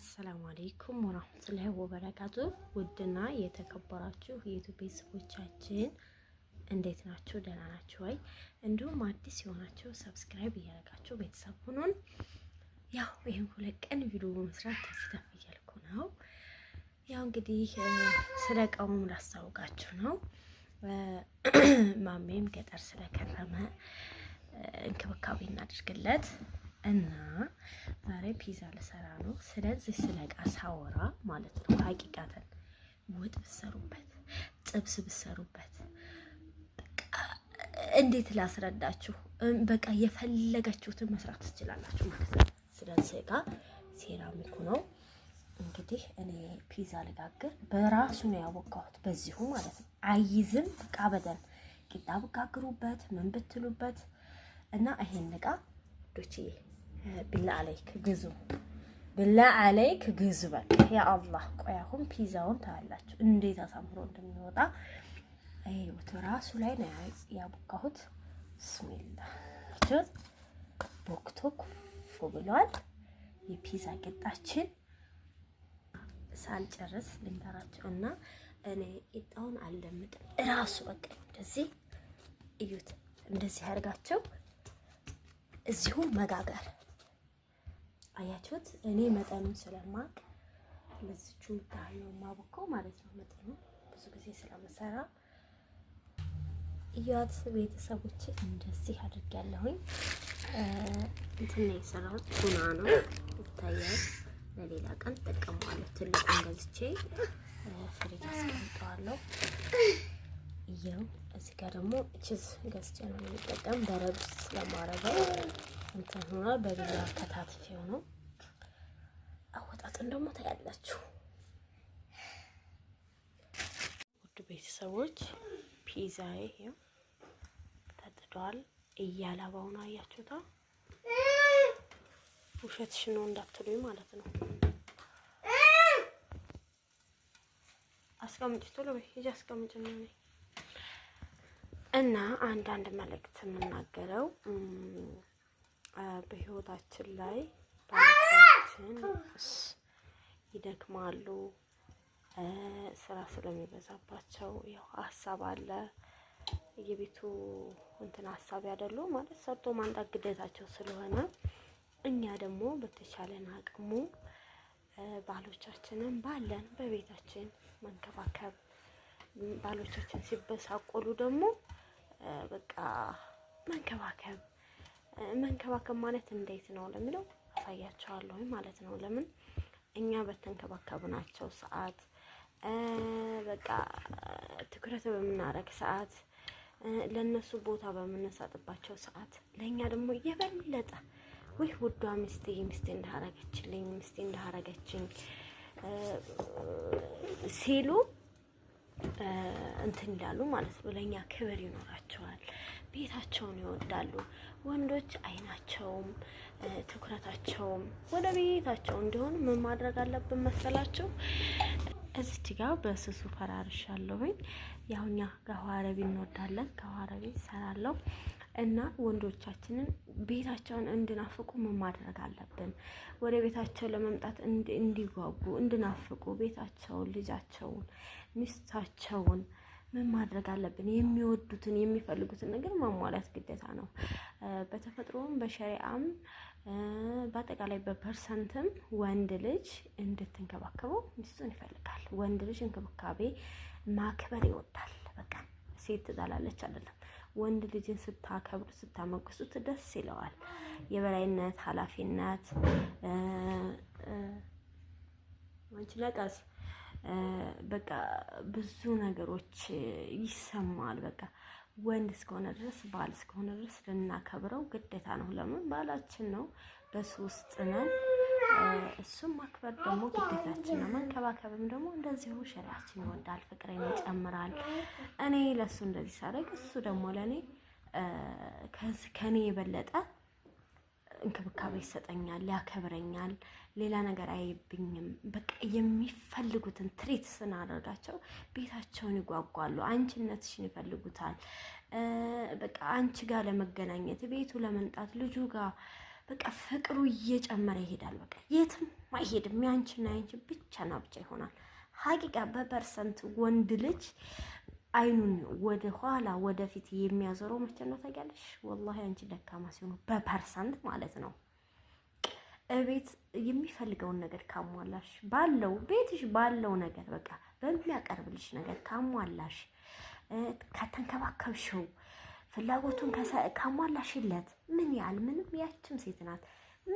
አሰላሙ አሌይኩም ወራህመቱላሂ ወበረካቱ። ውድና የተከበራችሁ የዩቱብ ቤተሰቦቻችን እንዴት ናችሁ? ደህና ናችሁ ወይ? እንዲሁም አዲስ የሆናችሁ ሰብስክራይብ እያደረጋችሁ ቤተሰብ ሁኑን። ያው ይህን ሁለት ቀን ቪዲዮ በመስራት ተፍ ተፍ እያልኩ ነው። ያው እንግዲህ ስለ ቀውም ላስታውቃችሁ ነው። ማሜም ገጠር ስለከረመ እንክብካቤ እናድርግለት። እና ዛሬ ፒዛ ልሰራ ነው። ስለዚህ ስለ እቃ ሳወራ ማለት ነው ሀቂቃተን ወጥ ብሰሩበት፣ ጥብስ ብሰሩበት እንዴት ላስረዳችሁ? በቃ የፈለጋችሁትን መስራት ትችላላችሁ ማለት ነው። ስለዚህ እቃ ሴራሚኩ ነው እንግዲህ እኔ ፒዛ ልጋግር በራሱ ነው ያወቃሁት፣ በዚሁ ማለት ነው። አይዝም በቃ በደን ቂጣ ብጋግሩበት ምን ብትሉበት እና ይሄን እቃ ዶቼ ብላ አለይክ ግዙ፣ ብላ አለይክ ግዙ። በቃ ያ አላህ ቆይ አሁን ፒዛውን ታያላችሁ እንዴት አሳምሮ እንደሚወጣ ይኸውት። ራሱ ላይ ነው ያቦካሁት። ብስሚላ ጆዝ ቦክቶ ኩፎ ብሏል። የፒዛ ቂጣችን ሳልጨርስ ልንገራችሁ እና እኔ ቂጣውን አልለምጥም እራሱ በቃ እንደዚህ እዩት። እንደዚህ አድርጋቸው እዚሁ መጋገር አያችሁት? እኔ መጠኑን ስለማቅ ለዚቹ ታዩ ማቦከው ማለት ነው። መጠኑ ብዙ ጊዜ ስለምሰራ እያት ቤተሰቦች እንደዚህ አድርጊያለሁኝ። እንትን ነው የሰራሁት፣ ቱና ነው ይታያል። ለሌላ ቀን ጠቀመዋለሁ። ትልቁን ገዝቼ ፍሪጅ አስቀምጠዋለሁ። እየው እዚህ ጋር ደግሞ ቺዝ ገዝቼ ነው የሚጠቀም በረዱ ስለማረገው እንትን ሆኗል። በሌላ ከታትፌው ነው። አወጣጥን ደግሞ ታያላችሁ። ውድ ቤተሰቦች ፒዛ ይሄው ተጥዷል። እያላባው ነው አያችሁታ። ውሸትሽ ነው እንዳትሉኝ ማለት ነው። አስቀምጭ ቶሎ በይ ሂጂ አስቀምጭ ነው እና አንዳንድ መልእክት የምናገረው በህይወታችን ላይ ባሎቻችን ይደክማሉ፣ ስራ ስለሚበዛባቸው ያው ሀሳብ አለ። የቤቱ እንትን ሀሳብ ያደሉ ማለት ሰርቶ ማንጣት ግዴታቸው ስለሆነ እኛ ደግሞ በተቻለን አቅሙ ባሎቻችንን ባለን በቤታችን መንከባከብ፣ ባሎቻችን ሲበሳቆሉ ደግሞ በቃ መንከባከብ መንከባከብ ማለት እንዴት ነው ለሚለው አሳያቸዋለሁ ማለት ነው። ለምን እኛ በተንከባከብናቸው ሰዓት በቃ ትኩረት በምናደርግ ሰዓት ለእነሱ ቦታ በምንሰጥባቸው ሰዓት ለእኛ ደግሞ የበለጠ ወይ ውዷ ሚስቴ ሚስቴ እንዳረገችልኝ ሚስቴ እንዳረገችኝ ሲሉ እንትን ይላሉ ማለት ነው። ለእኛ ክብር ይኖራቸዋል፣ ቤታቸውን ይወዳሉ። ወንዶች አይናቸውም ትኩረታቸውም ወደ ቤታቸው እንዲሆን ምን ማድረግ አለብን መሰላችሁ? እዚች ጋር በስሱ ፈራርሻለሁኝ። ያው እኛ ከኋረቢ እንወዳለን፣ ከኋረቢ ሰራለሁ እና ወንዶቻችንን ቤታቸውን እንድናፍቁ ምን ማድረግ አለብን? ወደ ቤታቸው ለመምጣት እንዲጓጉ እንድናፍቁ ቤታቸውን፣ ልጃቸውን፣ ሚስታቸውን ምን ማድረግ አለብን? የሚወዱትን የሚፈልጉትን ነገር ማሟላት ግዴታ ነው። በተፈጥሮም በሸሪአም በአጠቃላይ በፐርሰንትም ወንድ ልጅ እንድትንከባከበው ሚስቱን ይፈልጋል። ወንድ ልጅ እንክብካቤ ማክበር ይወዳል። በቃ ሴት ትጣላለች አይደለም። ወንድ ልጅን ስታከብሩት ስታመግሱት ደስ ይለዋል። የበላይነት ኃላፊነት አንቺ ነቃስ በቃ ብዙ ነገሮች ይሰማል። በቃ ወንድ እስከሆነ ድረስ ባል እስከሆነ ድረስ ልናከብረው ግዴታ ነው። ለምን ባላችን ነው፣ በሱ ውስጥ ነን። እሱም ማክበር ደግሞ ግዴታችን ነው። መንከባከብም ደግሞ እንደዚሁ ሸሪያችን ይወዳል፣ ፍቅሬን ይጨምራል። እኔ ለእሱ እንደዚህ ሳደግ እሱ ደግሞ ለእኔ ከኔ የበለጠ እንክብካቤ ይሰጠኛል፣ ያከብረኛል፣ ሌላ ነገር አይብኝም። በቃ የሚፈልጉትን ትሬት ስናደርጋቸው ቤታቸውን ይጓጓሉ፣ አንቺነትሽን ይፈልጉታል። በቃ አንቺ ጋር ለመገናኘት ቤቱ ለመምጣት ልጁ ጋር በቃ ፍቅሩ እየጨመረ ይሄዳል። በቃ የትም አይሄድም፣ ያንቺና ያንቺ ብቻና ብቻ ይሆናል። ሀቂቃ በፐርሰንት ወንድ ልጅ አይኑን ወደ ኋላ ወደፊት የሚያዞረው መቼ ነው ታውቂያለሽ? ወላሂ አንቺ ደካማ ሲሆኑ በፐርሰንት ማለት ነው። እቤት የሚፈልገውን ነገር ካሟላሽ ባለው ቤትሽ ባለው ነገር በቃ በሚያቀርብልሽ ነገር ካሟላሽ፣ ከተንከባከብሽው፣ ፍላጎቱን ካሟላሽለት ምን ያህል ምንም ያችም ሴት ናት።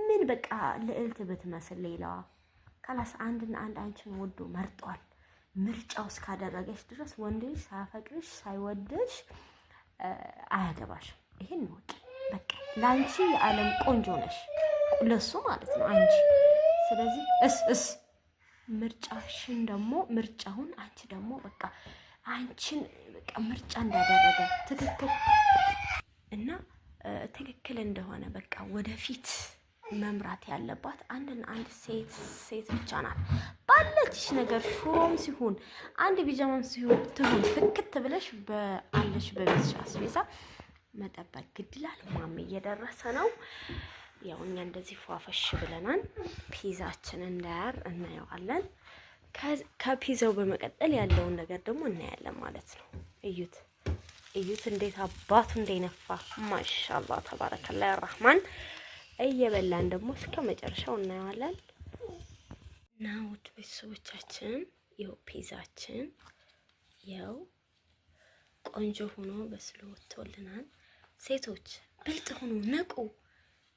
ምን በቃ ልዕልት ብትመስል ሌላዋ ካላስ አንድና አንድ አንቺን ወዶ መርጧል። ምርጫው እስካደረገች ድረስ ወንድ ልጅ ሳያፈቅርሽ ሳይወድሽ አያገባሽ። ይህን ወቅ በቃ ለአንቺ የዓለም ቆንጆ ነሽ፣ ለሱ ማለት ነው አንቺ። ስለዚህ እስ እስ ምርጫሽን ደግሞ ምርጫውን አንቺ ደግሞ በቃ አንቺን በቃ ምርጫ እንዳደረገ ትክክል እና ትክክል እንደሆነ በቃ ወደፊት መምራት ያለባት አንድና አንድ ሴት ሴት ብቻ ናት። ባለችሽ ነገር ሹሮም ሲሆን አንድ ቢጃማም ሲሆን ትሁን ፍክት ብለሽ በአለሽ በቤትሽ አስቤዛ መጠበቅ ግድላል። ማም እየደረሰ ነው። ያው እኛ እንደዚህ ፏፈሽ ብለናል። ፒዛችን እንዳያር እናየዋለን። ከፒዛው በመቀጠል ያለውን ነገር ደግሞ እናያለን ማለት ነው። እዩት እዩት፣ እንዴት አባቱ እንደነፋ ማሻአላህ ተባረከላ ራህማን እየበላን ደግሞ እስከ መጨረሻው እናየዋለን። እና ውድ ቤተሰቦቻችን ይኸው ፒዛችን ያው ቆንጆ ሆኖ በስሎ ወጥቶልናል። ሴቶች ብልጥ ሁኑ፣ ንቁ።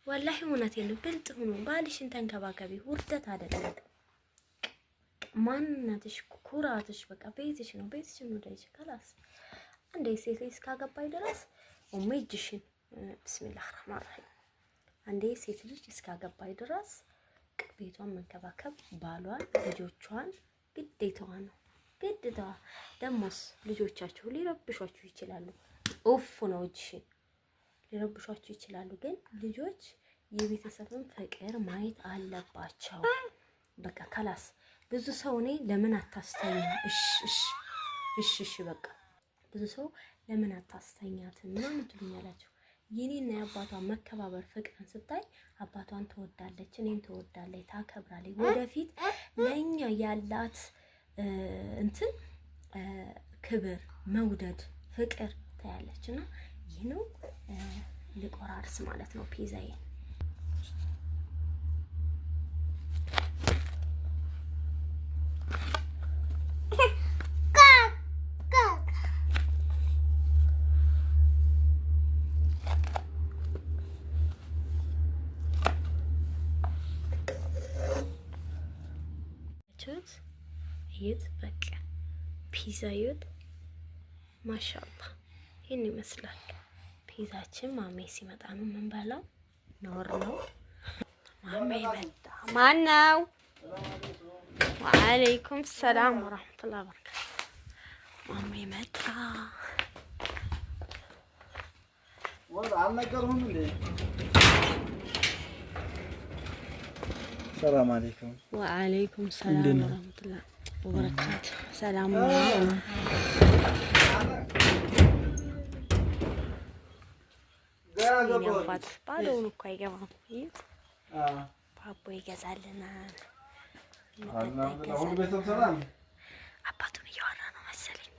ወላሂ እውነቴን ነው። ብልጥ ሁኑ፣ ባልሽን ተንከባከቢ። ውርደት አይደለም ማንነትሽ፣ ኩራትሽ፣ በቃ ቤትሽ ነው። ቤትሽን ወደጅ ከላስ አንዴ ሴት እስካገባይ ድረስ ሜጅሽን ብስሚላህ ራህማን ራሂም አንዴ ሴት ልጅ እስካገባይ ድረስ ቤቷን መንከባከብ ባሏን፣ ልጆቿን ግዴታዋ ነው። ግዴታዋ ደሞስ ልጆቻችሁ ሊረብሿችሁ ይችላሉ። ኡፍ ነው እጅሽ ሊረብሿችሁ ይችላሉ። ግን ልጆች የቤተሰብን ፍቅር ማየት አለባቸው። በቃ ከላስ ብዙ ሰው እኔ ለምን አታስተኛ እሽ እሽ እሽ በቃ ብዙ ሰው ለምን አታስተኛት ምናምን ትሉኛላችሁ። የኔና የአባቷ መከባበር ፍቅርን ስታይ አባቷን ትወዳለች፣ እኔን ትወዳለች፣ ታከብራለች። ወደፊት ለእኛ ያላት እንትን ክብር፣ መውደድ፣ ፍቅር ታያለች እና ይህ ነው ልቆራርስ ማለት ነው ፒዛዬን እንደምታዩት እዩት። በቃ ፒዛ እዩት። ማሻአላ ይህን ይመስላል ፒዛችን። ማሜ ሲመጣ ነው የምንበላው። ኖር ነው ማሜ መጣ። ማን ነው? ወአለይኩም ሰላም ወራህመቱላሂ ወበረካቱ። ማሜ መጣ። አልነገርሁም እንዴ? ሰላም አለይኩም። ወአለይኩም ሰላም ወራህመቱላህ ወበረካቱ። ሰላም ባት ባለውን እኮ አይገባም። ባቦ ይገዛልናል። አባቱን እያወራ ነው መሰለኝ።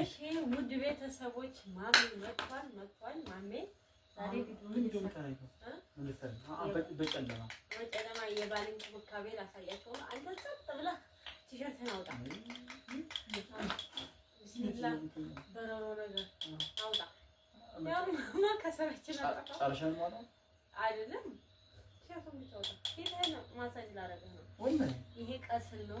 እሺ ውድ ቤተሰቦች ማሜ መጥቷል፣ መጥቷል ማሜ በጨለማ በጨለማ የባል እንክብካቤ ላሳያቸው። አንተ ጸጥ ብለህ ቲሸርትህን አውጣ። ብስሚላ አይደለም። ቲሸርቱን አውጣ። ማሳጅ ላደርግህ ነው። ይሄ ቀስል ነው።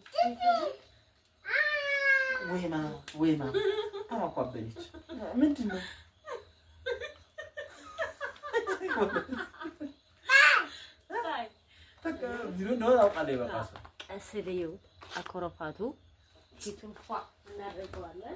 ወይማ ወይማ አራኳበለች ምንድን ነው? እስልዬው አኮረፋቱ ፊቱን እናደርገዋለን።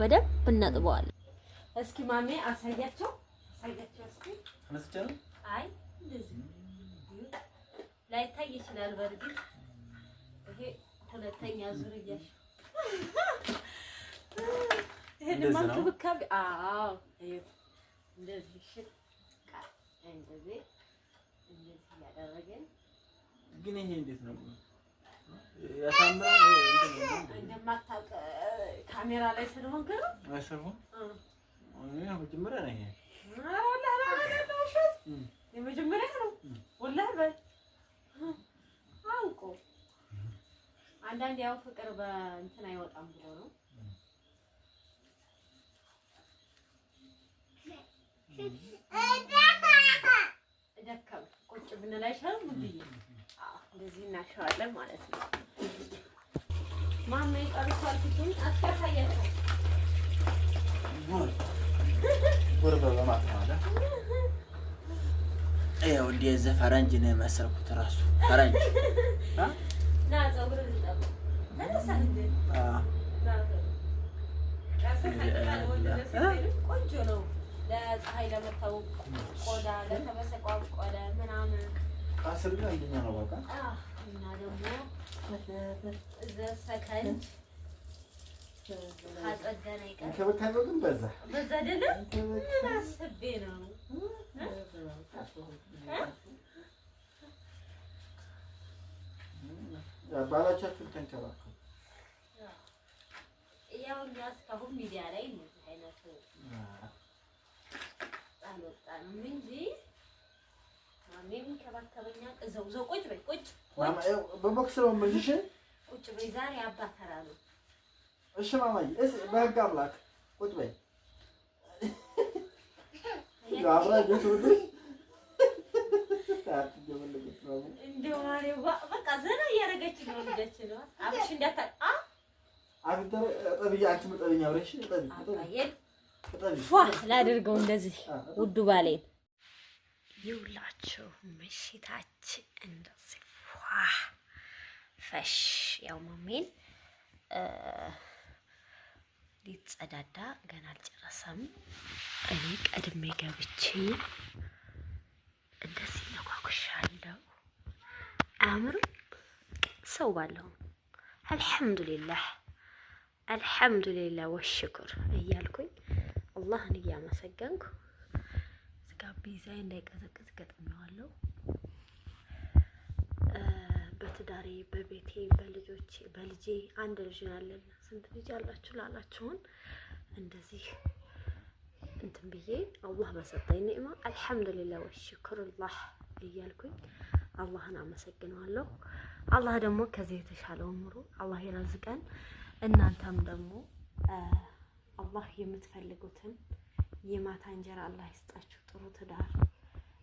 በደንብ እናጥበዋለን። እስኪ ማሜ አሳያቸው አሳያቸው። እስኪ ተነስተን አይ እንደዚህ ላይታይ ይችላል። በእርግጥ ይሄ ሁለተኛ ዙር እያሽ ይሄ ድማ እንክብካቤ አዎ፣ እንደዚህ ሽት እንደዚህ እንደዚህ እያደረገን ግን ይሄ እንዴት ነው? እንደማታውቅ ካሜራ ላይ ስለሆንክ ነው። ነው። ወላሂ በል አውቀው አንዳንድ ያው ፍቅር በእንትን አይወጣም ብለው ነው ደከም ቁጭ ብንል አይሻልም? እንደዚህ እናሸዋለን ማለት ነው። ይኸው እንደዚያ ፈረንጅ ነው የመሰልኩት። እራሱ ፈረንጅ ቆንጆ ነው። ለፀሐይ ለመታወቅ ቆዳ ለተበሰቋ ቆዳ ምናምን እና ደግሞ ዘሰከንድ ካጸዳን አይቀር ግን በዛ በዛ ደለ ምን አስቤ ነው ባላቻችሁን ተንከባከቡ። ያው እኛ እስካሁን ሚዲያ ላይ እንደዚህ አይነት አልወጣንም እንጂ የሚንከባከበኛል። እዛው እዛው ቁጭ በይ ቁጭ በቦክስ ነው የምልሽ። ቁጭ በይ ዛሬ አባት ነው። እሺ ማማዬ፣ እሺ በህግ አምላክ ቁጭ በይ። ላድርገው እንደዚህ ውዱ ባሌን ይውላችሁ ምሽታች እንደዚህ ፏ ፈሽ። ያው መሜን ሊጸዳዳ ገና አልጨረሰም። እኔ ቀድሜ ገብቼ እንደዚህ አለው አምር ሰው ባለው አልሐምዱሊላህ አልሐምዱሊላህ ወሽኩር እያልኩኝ አላህን እያመሰገንኩ ዳቤ ዛይ እንዳይቀዘቅዝ ገጥሜዋለሁ። በትዳሬ በቤቴ በልጆቼ በልጄ አንድ ልጅ ያለን ስንት ልጅ ያላችሁ ላላችሁን እንደዚህ እንትን ብዬ አላህ በሰጠኝ ኒዕማ አልሐምዱሊላ ወሽክሩላህ እያልኩኝ አላህን አመሰግነዋለሁ። አላህ ደግሞ ከዚህ የተሻለውን ኑሮ አላህ ይረዝቀን። እናንተም ደግሞ አላህ የምትፈልጉትን የማታ እንጀራ አላህ ይስጣችሁ። ጥሩ ትዳር፣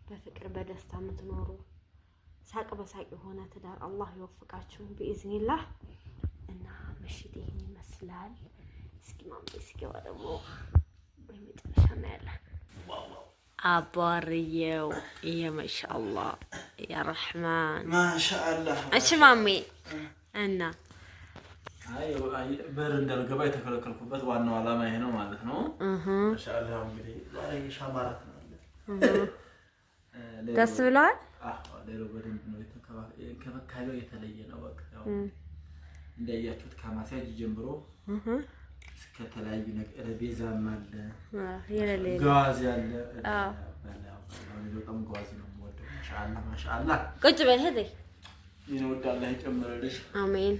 በፍቅር በደስታ የምትኖሩ ሳቅ በሳቅ የሆነ ትዳር አላህ ይወፍቃችሁ ብኢዝኒላህ። እና ምሽት ይህን ይመስላል። እስኪ ማምጣ እስኪዋ ደግሞ በመጨረሻ እናያለን። አባርየው ይሄ ማሻአላህ ያ ረሕማን ማሻአላህ እቺ ማሜ እና በር እንዳልገባ የተከለከልኩበት ዋናው ዓላማ ይሄ ነው ማለት ነው። እንግዲህ ሻማራት ደስ ብለዋል። የተለየ ነው። በቃ እንዳያችሁት ከማሳጅ ጀምሮ እስከተለያዩ ነገር ቤዛም አለ፣ ጓዝ ያለ በጣም ጓዝ ነው የምወደው። ማሻአላ ማሻአላ። ቁጭ በል ይሄ ይንወዳላ ይጨምረልሽ። አሜን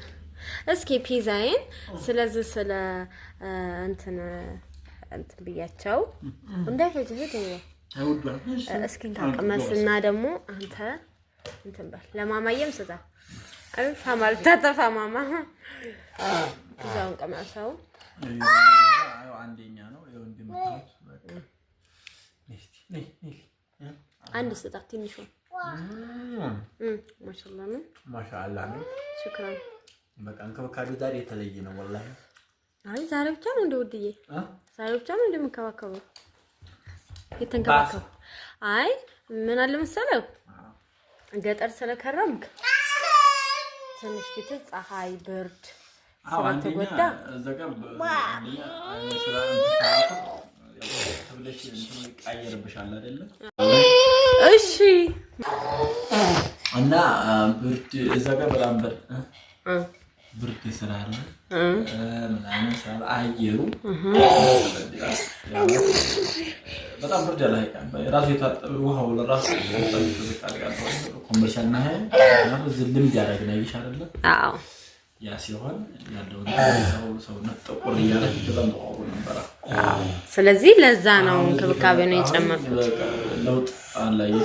እስኪ ፒዛዬን ስለዚህ ስለ እንትን እንትን ብያቸው እንዴት ሄድ እስኪ ታቀመስና ደግሞ አንተ እንትን በል ለማማየም ስታ ፈማል ተተፋ ማማ ፒዛውን ቀመሰው። አንድ ስጣት ትንሿን ማሻላ ነው ማሻላ ነው ሽክራን በቃ እንክብካቤው ዛሬ የተለየ ነው። ወላሂ አይ ዛሬ ብቻ ነው እንደ ውድዬ ዛሬ ብቻ ነው እንደምንከባከበው የተንከባከበው። አይ ምን አለ መሰለው ገጠር ስለከረምክ ትንሽ ፊትህ ፀሐይ ብርድ ስለተጎዳ እሺ እና ብርድ እዛ ጋር በጣም ብርድ ብርድ ስላለ ምናምን ስላለ አየሩ በጣም ብርድ ያለ ሀይቅ ራሱ የታጠበ ውሃው ለራሱ ኮመርሻል ና ልምድ ያደረግ ያደረግን አይሽ አለ ያ ሲሆን ያለው ሰውነት ጥቁር እያለ በጣም ተቋቁሮ ነበረ። ስለዚህ ለዛ ነው እንክብካቤ ነው የጨመርኩት። ለውጥ አለ ይሆ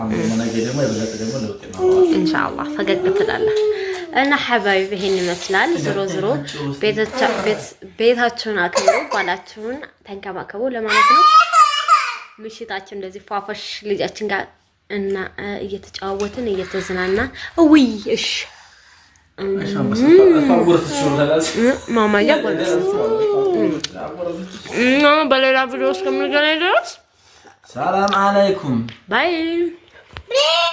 አሁን ነገ ደግሞ የበለጠ ደግሞ ለውጥ ይኖረዋል። ኢንሻላህ ፈገግ ትላለህ። እና ሐባይብ ይሄን ይመስላል። ዝሮ ዝሮ ቤታችሁን አክብሩ፣ ባላችሁን ተንከባከቡ ለማለት ነው። ምሽታችን እንደዚህ ፏፏሽ ልጃችን ጋር እና እየተጫዋወትን እየተዝናና ውይ እሺ ማማያ እና በሌላ ቪዲዮ እስከምንገናኝ ድረስ ሰላም አለይኩም ባይ